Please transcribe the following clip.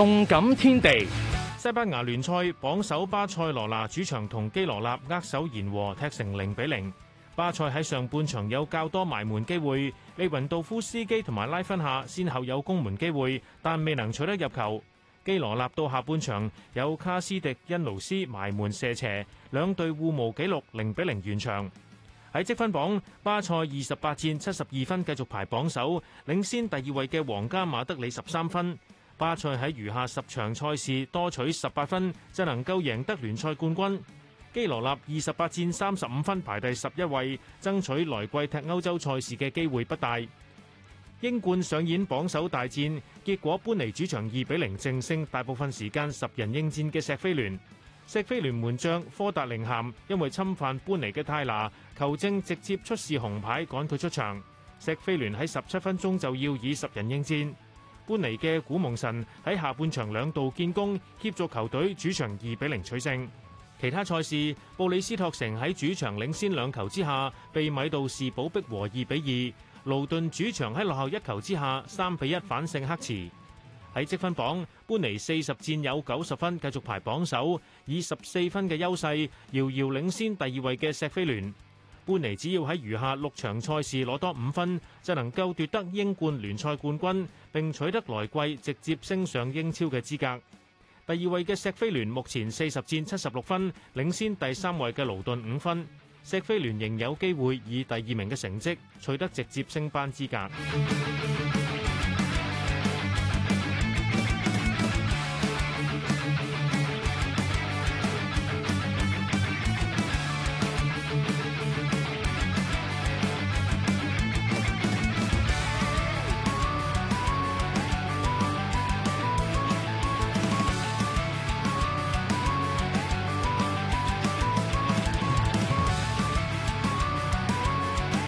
動感天地，西班牙聯賽榜首巴塞羅那主場同基羅納握手言和，踢成零比零。巴塞喺上半場有較多埋門機會，利雲道夫斯基同埋拉芬夏先後有攻門機會，但未能取得入球。基羅納到下半場有卡斯迪恩勞斯埋門射斜，兩隊互無紀錄零比零完場。喺積分榜，巴塞二十八戰七十二分，繼續排榜首，領先第二位嘅皇家馬德里十三分。巴塞喺餘下十場賽事多取十八分，就能夠贏得聯賽冠軍。基羅納二十八戰三十五分排第十一位，爭取來季踢歐洲賽事嘅機會不大。英冠上演榜首大戰，結果般尼主場二比零淨勝大部分時間十人應戰嘅錫菲聯。錫菲聯門將科達寧咸，因為侵犯般尼嘅泰拿，球證直接出示紅牌趕佢出場。錫菲聯喺十七分鐘就要以十人應戰。搬尼嘅古蒙神喺下半場兩度建功，協助球隊主場二比零取勝。其他賽事，布里斯托城喺主場領先兩球之下，被米杜士堡逼和二比二。盧頓主場喺落後一球之下三比一反勝黑池。喺積分榜，般尼四十戰有九十分，繼續排榜首，以十四分嘅優勢遙遙領先第二位嘅錫菲聯。般尼只要喺餘下六場賽事攞多五分，就能夠奪得英冠聯賽冠軍，並取得來季直接升上英超嘅資格。第二位嘅錫菲聯目前四十戰七十六分，領先第三位嘅盧頓五分。錫菲聯仍有機會以第二名嘅成績取得直接升班資格。